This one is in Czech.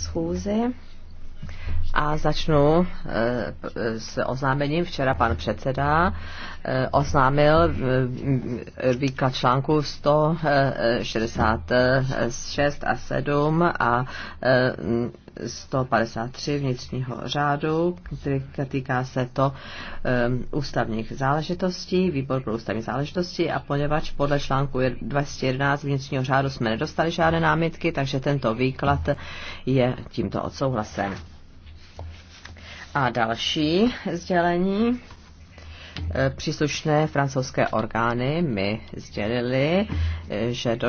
schůzi a začnu eh, s oznámením. Včera pan předseda eh, oznámil eh, výklad článku 166 a 7 a 153 vnitřního řádu, který týká se to ústavních záležitostí, výbor pro ústavní záležitosti a poněvadž podle článku 211 vnitřního řádu jsme nedostali žádné námitky, takže tento výklad je tímto odsouhlasen. A další sdělení. E, příslušné francouzské orgány mi sdělili, e, že do